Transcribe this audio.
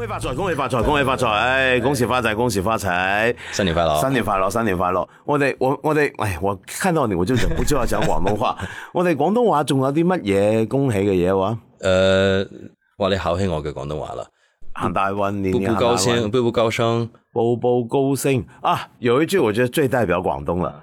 恭喜發財，恭喜發財，恭喜發財，哎，恭喜發財！新年快樂，新年快樂，新年快樂！我哋我我哋，唉，我看到你我就忍不住要講廣東話。呃、我哋廣東話仲有啲乜嘢恭喜嘅嘢話？誒，話你考起我嘅廣東話啦！行大運，步步高升，步步高升，步步高升啊！有一句我覺得最代表廣東啦。